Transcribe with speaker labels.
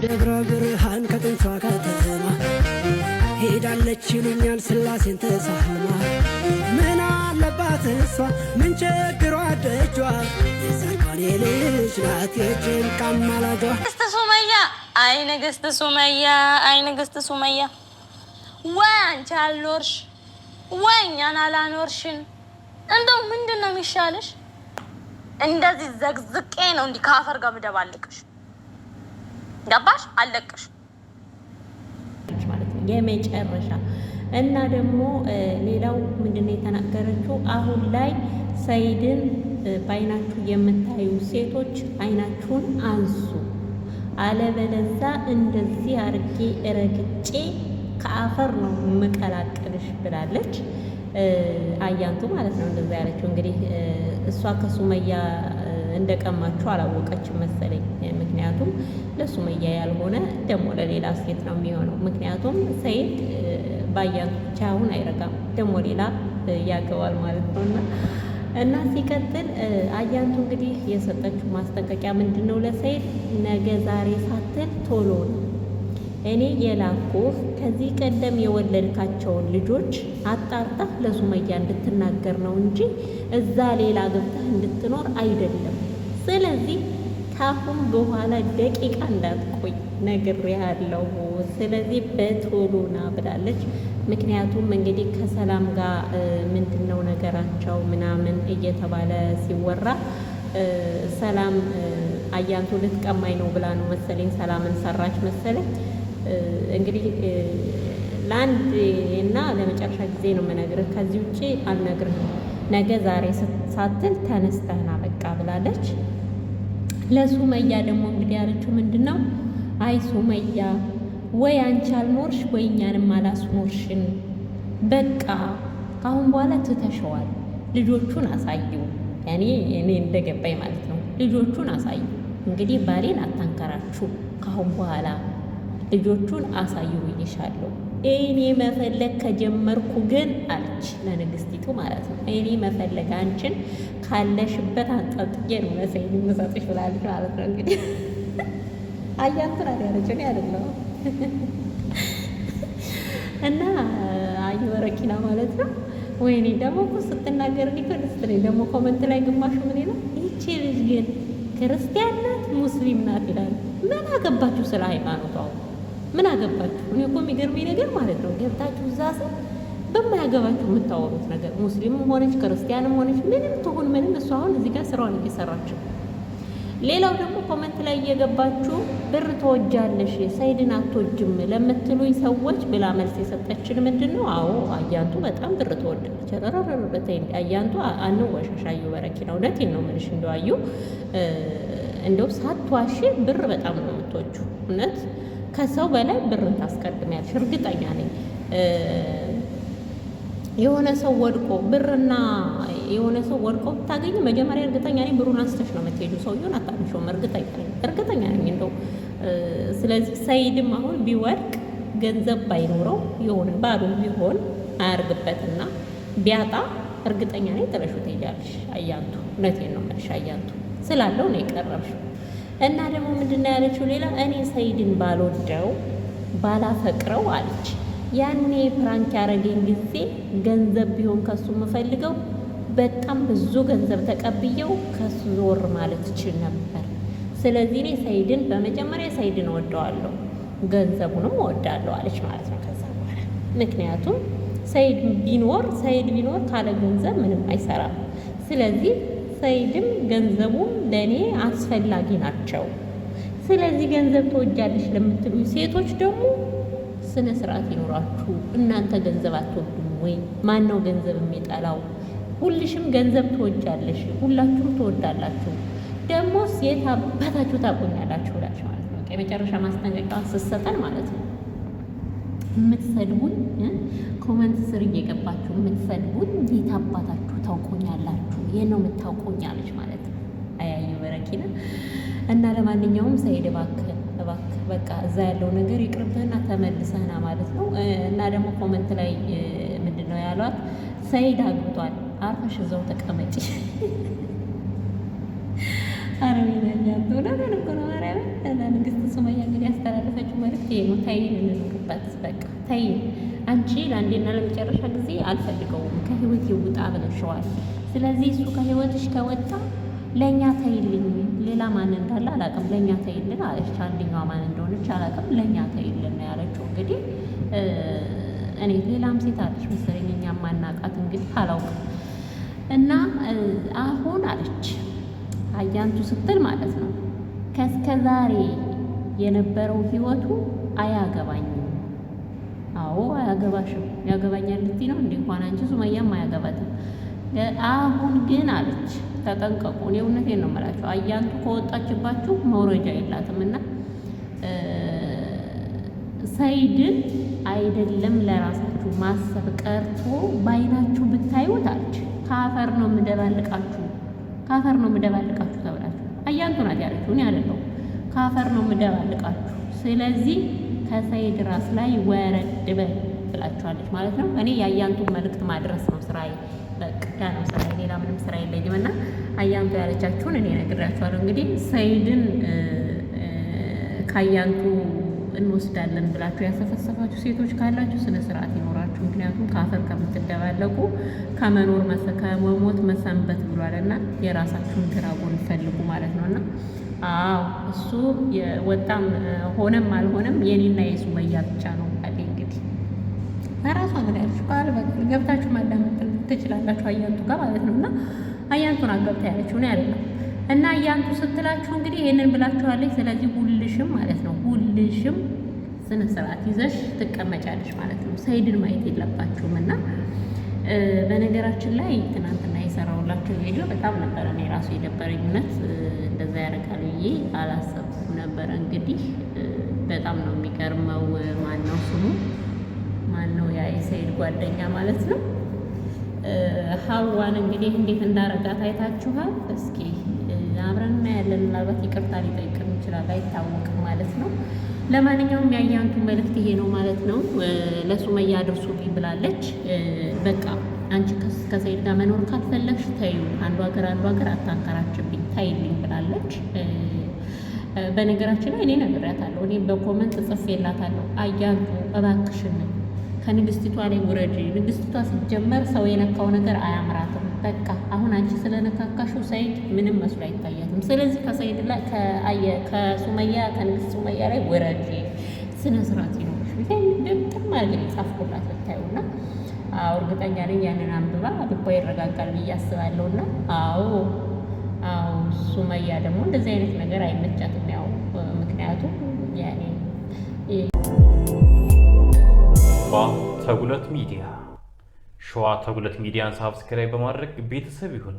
Speaker 1: ከደብረ ብርሃን ከጥንቷ ከተማ ሄዳለች ይሉኛል ስላሴን ተሳልማ ምን አለባት እሷ ምን ችግሯ ደጇ የዘርኳን የልጅ ናት የችን ቃማላጇ ነገስት ሱመያ አይ ንግስት ሱመያ አይ ንግስት ሱመያ ወይ አንቺ አልኖርሽ ወይ እኛን አላኖርሽን እንደው ምንድን ነው የሚሻልሽ እንደዚህ ዘግዝቄ ነው እንዲህ ከአፈር ጋር ምደባልቅሽ ገባሽ? አለቅሽ ማለት ነው የመጨረሻ እና ደግሞ ሌላው ምንድነው የተናገረችው? አሁን ላይ ሰይድን በአይናችሁ የምታዩ ሴቶች አይናችሁን አንሱ፣ አለበለዛ እንደዚህ አርጌ እረግጬ ከአፈር ነው የምቀላቅልሽ ብላለች። አያንቱ ማለት ነው እንደዛ ያለችው። እንግዲህ እሷ ከሱመያ እንደቀማችሁ አላወቀች መሰለኝ። ምክንያቱም ለሱመያ ያልሆነ ደግሞ ለሌላ ሴት ነው የሚሆነው። ምክንያቱም ሰይድ ባያት ብቻ አሁን አይረጋም፣ ደግሞ ሌላ ያገባል ማለት ነው እና እና ሲቀጥል አያንቱ እንግዲህ የሰጠችው ማስጠንቀቂያ ምንድን ነው ለሰይድ ነገ ዛሬ ሳትል ቶሎ ነው እኔ የላኩህ ከዚህ ቀደም የወለድካቸውን ልጆች አጣርተህ ለሱመያ እንድትናገር ነው እንጂ እዛ ሌላ ገብተህ እንድትኖር አይደለም። ስለዚህ ካሁን በኋላ ደቂቃ እንዳትቆይ ነግሬያለሁ። ስለዚህ በቶሎ ና ብላለች። ምክንያቱም እንግዲህ ከሰላም ጋር ምንድን ነው ነገራቸው ምናምን እየተባለ ሲወራ ሰላም አያንቱ ልትቀማኝ ነው ብላ ነው መሰለኝ ሰላምን ሰራች መሰለኝ። እንግዲህ ለአንድ እና ለመጨረሻ ጊዜ ነው የምነግርህ፣ ከዚህ ውጭ አልነግርህም። ነገ ዛሬ ሳትል ተነስተህና በቃ ብላለች። ለሱመያ ደግሞ እንግዲህ ያለችው ምንድን ነው? አይ ሱመያ ወይ አንቺ አልኖርሽ ወይ እኛንም አላስኖርሽን። በቃ ካሁን በኋላ ትተሸዋል። ልጆቹን አሳየው። ያኔ እኔ እንደገባኝ ማለት ነው። ልጆቹን አሳየው። እንግዲህ ባሌን አታንከራችሁ ካሁን በኋላ ልጆቹን አሳዩ አሳይሁኝሻለሁ እኔ መፈለግ ከጀመርኩ ግን አለች ለንግስቲቱ ማለት ነው። እኔ መፈለግ አንቺን ካለሽበት አንጠጥቄ ነው መሰይ የምሰጥሽ ብላለች ማለት ነው። እንግዲህ አያንቱን አዲያለችን ያደለው እና አይ በረኪና ማለት ነው። ወይኔ ደግሞ እኮ ስትናገር እኮ ደስ ትለኝ። ደግሞ ኮመንት ላይ ግማሹ ምን ነው ይቺ ልጅ ግን ክርስቲያን ናት ሙስሊም ናት ይላል። ምን አገባችሁ ስለ ሃይማኖቷ? ምን አገባችሁ? እኔ እኮ የሚገርመኝ ነገር ማለት ነው ገብታችሁ እዛ ሰው በማያገባችሁ የምታወሩት ነገር ሙስሊም ሆነች ክርስቲያንም ሆነች ምንም ትሁን ምንም፣ እሱ አሁን እዚህ ጋር ስራውን እየሰራችው። ሌላው ደግሞ ኮመንት ላይ እየገባችሁ ብር ተወጃለሽ ሰይድን አትወጅም ለምትሉኝ ሰዎች ብላ መልስ የሰጠችን ምንድን ነው? አዎ አያንቱ በጣም ብር ተወዳለች። ረረረበተ አያንቱ አንዋሻሻዩ በረኪና እውነቴን ነው የምልሽ እንደው አዩ እንደው ሳትዋሽ ብር በጣም ነው የምትወጁ እውነት ከሰው በላይ ብርን ታስቀድሚያለሽ። እርግጠኛ ነኝ የሆነ ሰው ወድቆ ብርና የሆነ ሰው ወድቆ ብታገኝ መጀመሪያ እርግጠኛ ነኝ ብሩን አንስተሽ ነው የምትሄጂው። ሰውዬውን አታንሺውም። እርግጠኛ ነኝ እርግጠኛ ነኝ እንደው ስለዚህ ሰይድም አሁን ቢወድቅ ገንዘብ ባይኖረው የሆነ ባዶ ቢሆን አያርግበትና ቢያጣ እርግጠኛ ነኝ ጥለሽው ትሄጃለሽ። አያንቱ እውነቴን ነው የምልሽ። አያንቱ ስላለው ነው የቀረብሽው እና ደግሞ ምንድነው ያለችው ሌላ እኔ ሰይድን ባልወደው ባላፈቅረው አለች። ያኔ ፕራንክ ያረገኝ ጊዜ ገንዘብ ቢሆን ከሱ የምፈልገው በጣም ብዙ ገንዘብ ተቀብየው ከሱ ዞር ማለት ይችል ነበር። ስለዚህ እኔ ሰይድን በመጀመሪያ ሰይድን እወደዋለሁ፣ ገንዘቡንም እወዳለሁ አለች ማለት ነው። ከዛ በኋላ ምክንያቱም ሰይድ ቢኖር ሰይድ ቢኖር ካለ ገንዘብ ምንም አይሰራም። ስለዚህ ሰይድም ገንዘቡም ለእኔ አስፈላጊ ናቸው። ስለዚህ ገንዘብ ተወጃለች ለምትሉ ሴቶች ደግሞ ስነ ስርዓት ይኖራችሁ። እናንተ ገንዘብ አትወዱም ወይ? ማን ነው ገንዘብ የሚጠላው? ሁልሽም ገንዘብ ትወጃለሽ፣ ሁላችሁም ትወዳላችሁ። ደግሞ ሴት አባታችሁ ታቆኛላችሁ ላቸው ማለት ነው። የመጨረሻ ማስጠንቀቂያ ስሰጠን ማለት ነው የምትሰድቡኝ ኮመንት ስር እየገባችሁ የምትሰድቡኝ የት አባታችሁ ታውቆኛላችሁ? ይህን ነው የምታውቆኛለች ማለት ነው። አያዩ በረኪና እና ለማንኛውም ሰኢድ እባክህ እባክህ በቃ እዛ ያለው ነገር ይቅርብህና ተመልሰህና ማለት ነው። እና ደግሞ ኮመንት ላይ ምንድን ነው ያሏት? ሰኢድ አግብቷል፣ አርፈሽ እዛው ተቀመጪ አረብ ይዘኛል እውነቱን ንግስት ሱመያ እንግዲህ ያስተላለፈችው መልዕክት ይሄ ነው። ተይ እንኑርበት፣ በቃ ተይ፣ አንቺ ለአንዴና ለመጨረሻ ጊዜ አልፈልገውም፣ ከህይወት ይውጣ ብለሽዋል። ስለዚህ እሱ ከህይወትሽ ከወጣ ለእኛ ተይልኝ፣ ሌላ ማን እንዳለ አላውቅም፣ ለእኛ ተይልን አለች። አንደኛዋ ማን እንደሆነች አላውቅም፣ ለእኛ ተይልን ያለችው። እንግዲህ እኔ ሌላም ሴት አለች መሰለኝ እኛም ማናውቃት እንግዲህ አላውቅም። እና አሁን አለች አያንቱ ስትል ማለት ነው። ከስከዛሬ የነበረው ህይወቱ አያገባኝም። አዎ አያገባሽም። ያገባኛል ልቲ ነው እንዴ? እንኳን አንቺ ሱመያም አያገባትም። አሁን ግን አለች ተጠንቀቁ። እኔ እውነቴን ነው የምላቸው። አያንቱ ከወጣችባችሁ መውረጃ የላትም እና ሰይድን አይደለም ለራሳችሁ ማሰብ ቀርቶ ባይናችሁ ብታዩት አለች ከአፈር ነው የምደባልቃችሁ ካፈር ነው የምደባልቃችሁ ተብላችሁ አያንቱ ናት ያለችው፣ እኔ አይደለሁም። ካፈር ነው የምደባልቃችሁ፣ ስለዚህ ከሰይድ ራስ ላይ ወረድ በል ብላችኋለች ማለት ነው። እኔ የአያንቱን መልእክት ማድረስ ነው ስራዬ። በቅዳ ነው ስራዬ፣ ሌላ ምንም ስራ የለኝም። እና አያንቱ ያለቻችሁን እኔ ነግራችኋለሁ። እንግዲህ ሰይድን ከአያንቱ እንወስዳለን ብላችሁ ያሰፈሰፋችሁ ሴቶች ካላችሁ ስነ ስርዓት አለባችሁ። ምክንያቱም ከአፈር ከምትደባለቁ ከመኖር ከመሞት መሰንበት ብሏልና የራሳችሁን ግራጎን ፈልጉ ማለት ነው እና አዎ እሱ ወጣም ሆነም አልሆነም የኔና የሱመያ ብቻ ነው። አለ እንግዲህ በራሷ ምክንያቶች ቃል በቃል ገብታችሁ ማዳመጥ ትችላላችሁ። አያንቱ ጋር ማለት ነው እና አያንቱን አገብታ ያለችው ነው ያለ እና አያንቱ ስትላችሁ እንግዲህ ይህንን ብላችኋለች። ስለዚህ ሁልሽም ማለት ነው ሁልሽም ስነ ስርዓት ይዘሽ ትቀመጫለሽ ማለት ነው። ሰይድን ማየት የለባችሁም እና በነገራችን ላይ ትናንትና የሰራሁላችሁ ቪዲዮ በጣም ነበረ እኔ ራሱ የደበረኝ እውነት እንደዛ ያደርጋል ብዬ አላሰብኩም ነበረ። እንግዲህ በጣም ነው የሚገርመው። ነው ስሙ ማነው ያ የሰኢድ ጓደኛ ማለት ነው። ሀዋን እንግዲህ እንዴት እንዳረጋት አይታችኋል። እስኪ አብረን እናያለን። ምናልባት ይቅርታ ሊጠይቅ ይችላል፣ አይታወቅም ማለት ነው። ለማንኛውም ያያንቱ መልእክት ይሄ ነው ማለት ነው። ለሱመያ አድርሱብኝ ብላለች። በቃ አንቺ ከሰይድ ጋር መኖር ካልፈለግሽ ተዩ፣ አንዱ ሀገር አንዱ ሀገር አታንከራችብኝ፣ ታይልኝ ብላለች። በነገራችን ላይ እኔ ነግሬያታለሁ፣ እኔ በኮመንት ጽፌላታለሁ። አያንቱ እባክሽን ከንግስቲቷ ላይ ውረድ። ንግስቲቷ ሲጀመር ሰው የነካው ነገር አያምራትም። በቃ አሁን አንቺ ስለነካካሽው ሰይድ ምንም መስሎ አይታያትም። ስለዚህ ከሰይድ ላይ ከሱመያ ከንግስት ሱመያ ላይ ወረድ ስነ ስርዓት ይኖርሽ ብትም አድርገን የጻፍኩላት ብታዩና እርግጠኛ ነኝ ያንን አንብባ ልቧ ይረጋጋል ብዬ አስባለሁ። እና አዎ አዎ፣ ሱመያ ደግሞ እንደዚህ አይነት ነገር አይመቻትም። ያው ምክንያቱም ያኔ ተጉለት ሚዲያ ሸዋ ተጉለት ሚዲያን ሳብስክራይብ በማድረግ ቤተሰብ ይሁኑ።